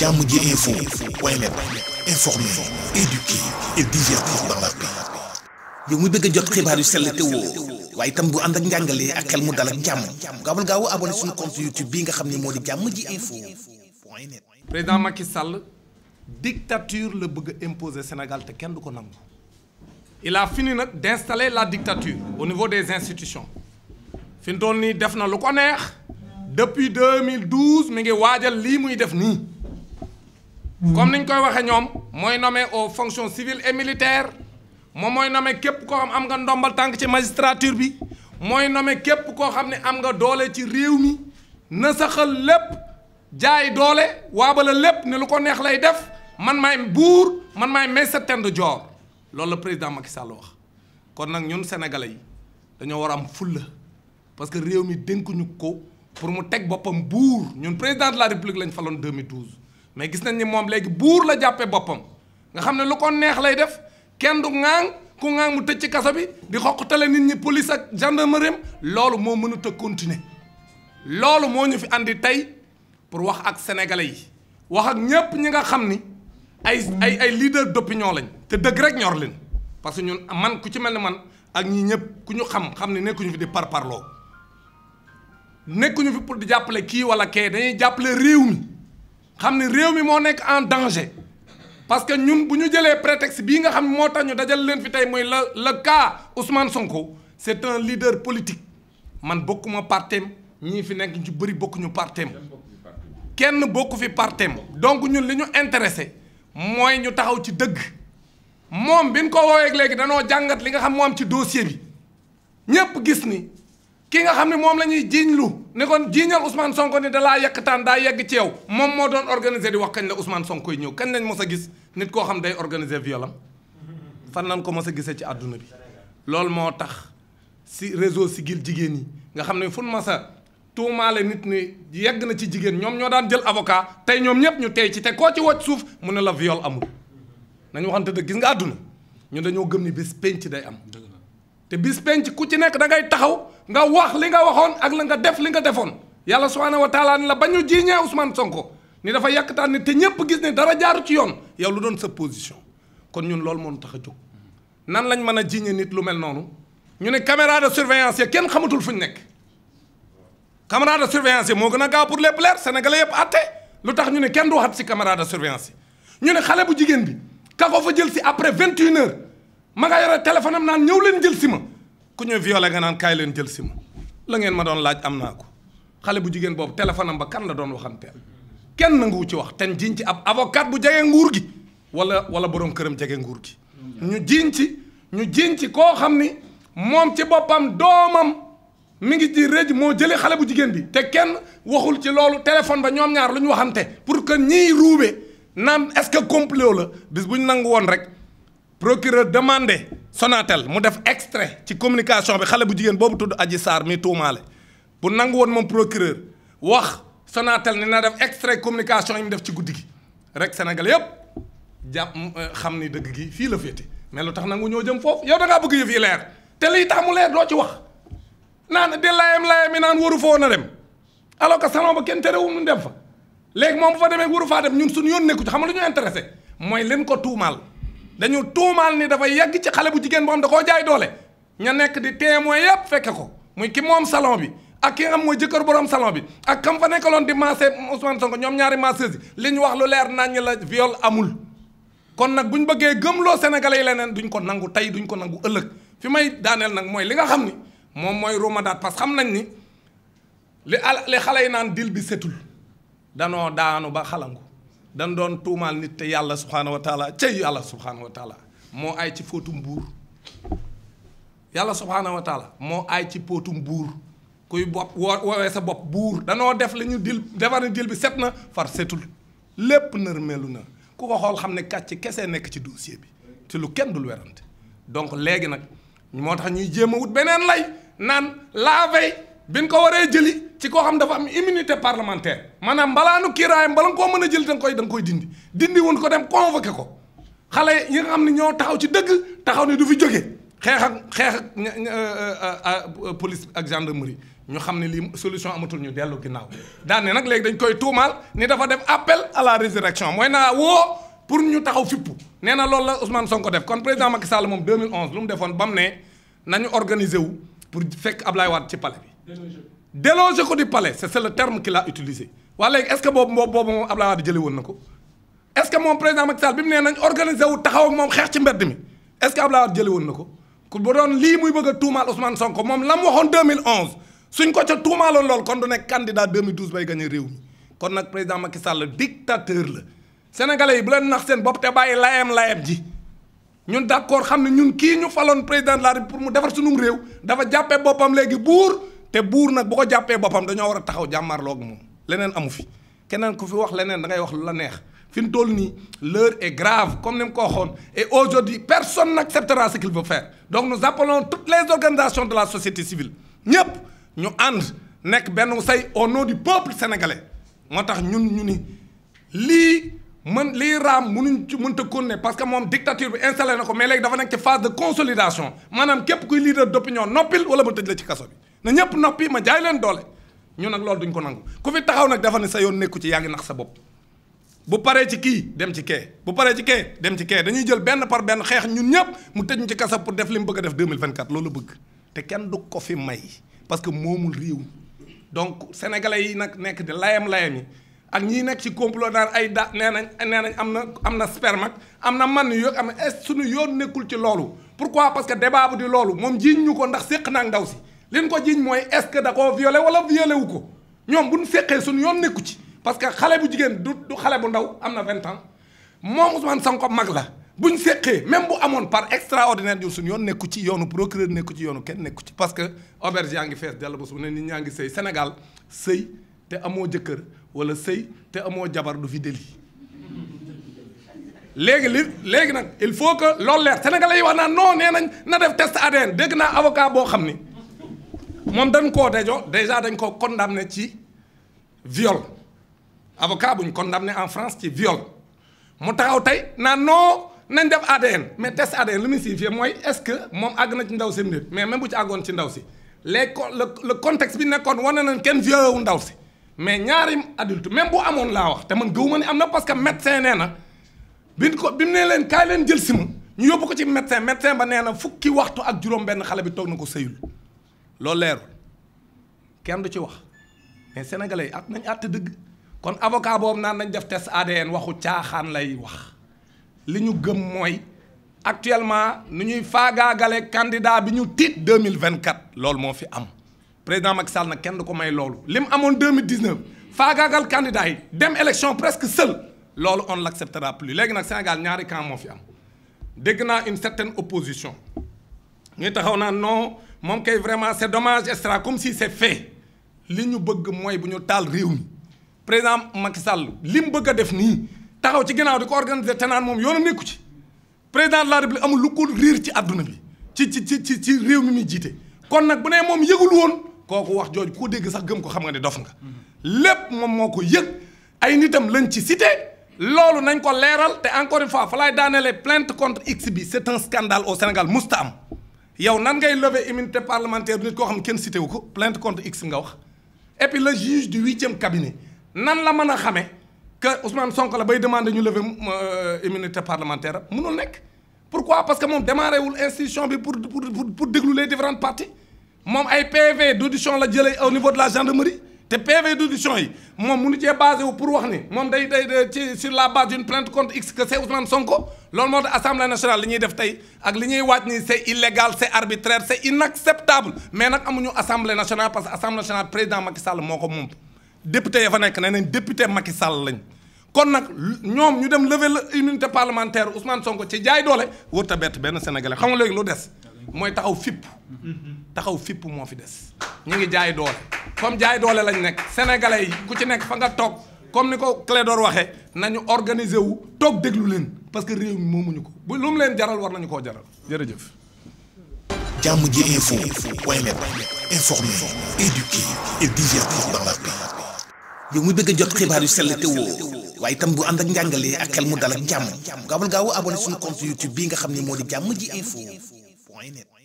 jàmm ji info point net informer, éduquer et a bu ànd ak njàngalee ak xel mu dal ak jàmm gaawal moo di jàmm ji info point net. président Macky Sall dictature la bëgg a imposer Sénégal te kenn du ko nangu. il a fini nag d'installer la dictature au niveau des institutions fi nii def na lu ko neex depuis 2012 ngi waajal lii muy def nii comme niñ koy waxee ñoom mooy nommé aux fonctions civiles et militaires moom mooy nommé képp koo xam am nga ndombal tànk ci magistrature bi mooy nommé képp koo xam ne am nga doole ci réew mi na saxal lépp jaay doole waabala lépp ne lu ko neex lay def man maay buur man maay may septembre joor loolu la président Macky Sall wax kon nag ñun sénégalais yi dañoo war a am fulla parce que réew mi dénkuñu ko pour mu teg boppam buur ñun président de la république lañ faloon 2012 mais gis nañ ni moom léegi buur la jàppee boppam nga xam ne lu ko neex lay def kenn du ŋaang ku ŋaang mu tëj ci kaso bi di xoqutale nit ñi police ak gendarmerie loolu moo mënut a continuer loolu moo ñu fi andi tey pour wax ak sénégalais yi wax ak ñépp ñi nga xam ni ay ay ay leader d'opinion lañ te dëgg rek ñor leen parce que ñun man ku ci mel ni man ak ñi ñëpp ku ñu xam xam ne nekkuñu fi di par parloo nekkuñu fi pour di jàppale kii wala kee dañuy jàppale réew mi xam ne réew mi moo nekk en danger parce que ñun bu ñu jëlee prétexte bii nga xam moo tax ñu dajal leen fi tey mooy la le kaa Ousmane Sonko c'est un leader politique man bokkuma partem ñii fi nekk ñu bëri bokkuñu partem kenn bokku fi partem donc ñun li ñu intéressé mooy ñu taxaw ci dëgg moom bi ñu ko woowee léegi danoo jàngat li nga xam moo am ci dossier bi ñépp gis ni kii nga xam ne moom la ñuy jiiñ lu ne kon jiiñal Ousmane Sonko ni dalaa yekkataan daa yegg ci yow moom moo doon organiser di wax kañ la Ousmane Sonko ñëw kañ lañ mos a gis nit koo xam day organiser violam fan lañ ko mos a gisee ci àdduna bi loolu moo tax si réseau Siggil jigéen ñi nga xam ne fun ma sa tuumaale nit ni yegg na ci jigéen ñoom ñoo daan jël avocat tey ñoom ñëpp ñu tey ci te koo ci wacc suuf mu ne la viol amul nañu waxante dëgg gis nga àdduna ñu dañoo gëm ni bis penc day am te bis penc ku ci nekk da ngay taxaw nga wax li nga waxoon ak la nga def li nga defoon yàlla subhaanahu wa taala ni la ba ñu jiiñee Ousmane Sonko ni dafa yàqtaan ni te ñépp gis ne dara jaaru ci yoon yow lu doon sa position kon ñun loolu moo tax a jóg nan lañ mën a jiiñe nit lu mel noonu ñu ne caméra de surveillance kenn xamatul fu ñu nekk caméra de surveillance yi moo gën a gaaw pour les plaire sénégalais yëpp àtte lu tax ñu ne kenn du waxat si caméra de surveillance ñu ne xale bu jigéen bi ka jël si après vingt et ma nga naan ñëw leen jël si ma ku ñu violé nga naan kaay leen jël si ma la ngeen ma doon laaj am naa ko xale bu jigéen boobu téléphone am ba kan la doon waxante kenn nanguwu ci wax ten jiñ ci ab avocat bu jege nguur gi wala wala borom këram jege nguur gi ñu jiñ ci ñu jiñ ci koo xam ni moom ci boppam doomam mu ngi ci rëj moo jëlee xale bu jigéen bi te kenn waxul ci loolu téléphone ba ñoom ñaar lu ñu waxante pour que ñiy ruube naan est-ce que complot la bis bu ñu nangu woon rek procureur demandé Sonatel mu def extrait ci communication bi xale bu jigéen boobu tudd Adji saar mi tuumaale bu nangu woon moom procureur wax Sonatel ni na def extrait communication yi mu def ci guddi gi rek Sénégal yëpp jàpp euh, xam ni dëgg gi fii la féete mais lu tax nangu ñoo jëm foofu yow da ngaa bëgg fii leer te lii tax mu leer doo ci wax naan de layam layam yi naan waru foo na dem alors que salon ba kenn terewul ñu dem fa léegi moom bu fa demee waru faa dem ñun suñu yoon nekku ci xam nga lu ñu intéressé mooy ko tuumaal. dañu tuumaal ni dafa yegg ci xale bu jigéen boo xam da koo jaay doole ña nekk di témoin yépp fekke ko muy ki moom salon bi ak ki nga xam mooy jëkkër borom salon bi ak kam fa nekkaloon di maase Ousmane Sonko ñoom ñaari masseuse li ñu wax lu leer naññ la viol amul kon nag bu ñu bëggee gëmloo sénégalais yi leneen duñ ko nangu tey duñ ko nangu ëllëg fi may daaneel nag mooy li nga xam ni moom mooy romadaat parce que xam nañ ni li al li xale yi naan dil bi setul danoo daanu ba xalangu dañ doon tuumaal nit te yàlla subhaanahu wa taala cay yàlla subhaanahu wa taala moo aay ci fóotum buur yàlla subhaanahu wa taala moo aay ci póotum buur kuy bopp woo woowee sa bopp buur danoo def li ñu dil defar ni dil bi set na far setul lépp nërmeelu na ku ko xool xam ne kàcc kese nekk ci dossier bi te lu kenn dul werante donc léegi nag moo tax ñuy jéem a wut beneen lay naan la veille bi ñu ko waree jëli ci koo xam dafa am immunité parlementaire maanaam mbalaanu kiiraayam bala nga koo mën a jël da nga koy da nga koy dindi dindi wun ko dem convoqué ko xale yi nga xam ne ñoo taxaw ci dëgg taxaw ne du fi jóge xeex ak xeex ak euh, euh, euh, police ak gendarmerie ñu xam ne lii solution amatul ñu dellu ginnaaw daan ne nag léegi dañ koy tuumaal ni dafa def appel à la résurrection mooy naa woo pour ñu taxaw fippu nee na loolu la Ousmane Sonko def kon président Macky Sall moom 2011 lu mu defoon ba mu ne nañu organiser wu pour fekk Ablaye Wade ci palais déloger ko du palais c' est le terme qu'il a utilisé waa léegi est ce que boobu boobu moom Abdoulaye Wade jëlee woon na ko est moom président Macky bi mu nee nañ organiser wu taxaw ak moom xeex ci mbedd mi est ce que Abdoulaye Wade jëlee na ko ku ba doon lii muy bëgg a tuumaal Ousmane Sonko moom la mu waxoon 2011 suñ ko ca tuumaaloon lool kon du nekk candidat 2012 bay gagné réew mi kon nag président Macky Sall dictateur la sénégalais nax seen bopp te bàyyi layam layam ji. ñun xam ne ñun kii ñu faloon président la pour mu defar sunum réew dafa jàppee boppam léegi buur. te buur nag bu ko jàppee boppam dañoo war a taxaw jàmmarloog moom leneen amu fi keneen ku fi wax leneen da ngay wax lu la neex fi mu toll nii l'heure est grave comme ni mu ko waxoon et aujourd'hui personne n'acceptera ce qu'il veut faire donc nous appelons toutes les organisations de la société civile ñëpp ñu ànd nekk benn say au nom du peuple sénégalais moo tax ñun ñu ni lii mën lii raam mënuñ ci mënta continuer parce que moom dictature bi installé ko mais léegi kuy leader d'opinion noppil wala ma tëj la ci kaso bi na ñëpp noppi ma jaay leen doole ñu nag loolu duñ ko nangu ku fi taxaw nag dafa ne sa yoon nekku ci yaa nax sa bopp bu paree ci kii dem ci kee bu paree ci kee dem ci kee dañuy jël benn par xeex ñun ñëpp mu tëj ñu ci pour def li mu bëgg a def 2024 loolu bëgg te kenn du ko fi may parce que moomul réew donc sénégalais yi nag nekk di layam layam yi ak ñi nekk ci complot naan ay da nee nañ nee nañ am na am na spermak am na man yoog am na est yoon nekkul ci loolu pourquoi parce que débat bu di loolu moom jiiñ ñu ko ndax séq naa ndaw si leen ko jiiñ mooy est-ce que da koo violé wala violé wu ko ñoom bu ñu seqee suñ yoon nekku ci parce que xale bu jigéen du xale bu ndaw am na vingt ans moom Ousmane Sonko mag la bu ñu seqee même bu amoon par extraordinaire ñun suñu yoon nekku ci yoonu procureur nekku ci yoonu kenn nekku ci parce que auberge yaa ngi fees dell ba su ne nit ñaa ngi sëy Sénégal sëy te amoo jëkkër wala sëy te amoo jabar du fi délit léegi li léegi nag il faut que loolu leer sénégalais yi wax naa non nee nañ na def test ADN dégg naa avocat boo xam ni. moom dañ koo jo déjà dañ koo condamné ci viol avocat buñ condamné en France ci viol mu taxaw tey naa non nañ def ADN mais test ADN lu muy signifié mooy est-ce que moom àgg na ci ndaw si nit mais même bu ci àggoon ci ndaw si les co le le contexte bi nekkoon wane nañ kenn violé wu ndaw si mais ñaari adulte même bu amoon laa wax te man ma ni am na parce que médecin nee na bi ko bi mu nee leen kaay leen jël si ma ñu yóbbu ko ci médecin médecin ba nee na fukki waxtu ak benn xale bi toog na ko sëyul. loolu leer kenn du ci wax mais sénégalais yi at nañ àtt dëgg kon avocat boobu naan nañ def test ADN waxu caaxaan lay wax li ñu gëm mooy actuellement nu ñuy faagaagale candidat bi ñu tiit 2024 loolu moo fi am président Macky Sall nag kenn du ko may loolu li mu amoon 2019 faagaagal candidat yi dem élection presque seul loolu on l'acceptera plus léegi nag Sénégal ñaari camp moo fi am dégg naa une certaine opposition ñu taxaw naa non moom kay vraiment c'est dommage et cetera comme si c'est fait li ñu bëgg mooy bu ñu taal réew mi président Macky sàll li mu bëgg a def nii taxaw ci ginnaaw di ko organiser te naan moom yoonam nekku ci président de la république amul lu ko riir ci àdduna bi ci ci ci ci ci réew mi muy jiite. kon nag bu ne moom yëgul woon kooku wax jooju ko dégg sax gëm ko xam nga ne dof nga lépp moom moo ko yëg ay nitam lañ ci cité loolu nañ ko leeral te encore une fois fa laay daanelee plainte contre X bi c'est un scandale Sénégal musta am yow nan ngay lever immunité parlementaire nit koo xam kenn cité wu ko plainte contre x nga wax et puis juge du huitième cabinet nan la mën a xamee que Ousmane Sonko la bay demander ñu lever euh, immunité parlementaire mënul nekk. pourquoi parce que moom démarré wul institution bi pour pour pour déglu les différentes parties moom ay PV d' audition la jëlee au niveau de la gendarmerie. te PV d'audition yi moom munu cee basé wu pour wax ni moom day day ci sur la base d'une plainte contre X que c'est Ousmane Sonko loolu moo tax assemblée nationale li ñuy def tey ak li ñuy waaj ni c'est illégal c'est arbitraire c'est inacceptable mais nag amuñu assemblée nationale parce que assemblée nationale président Macky Sall moo ko moom député ya fa nekk nee nañ député Macky Sall lañ kon nag ñoom ñu dem lever l'immunité parlementaire Ousmane Sonko ci jaay doole wër ta bett benn sénégalais xam nga des mooy taxaw fipp mm-hmm. taxaw fipp moo fi des ñu ngi jaay doole comme jaay doole lañ nekk sénégalais yi ku ci nekk fa nga toog comme ni ko Clédor waxee nañu organiser wu toog déglu leen parce que réew moomuñu ko bu lu mu leen jaral war nañu koo jaral jërëjëf. jàmm ji info point net informer, éduquer et divertir dans la paix. yow mi bëgg a jot xibaar yu sell te woo waaye itam bu ànd ak njàngalee ak xel mu dal ak jàmm gaawal gaaw abonné suñu compte YouTube bii nga xam ne moo di jàmm ji info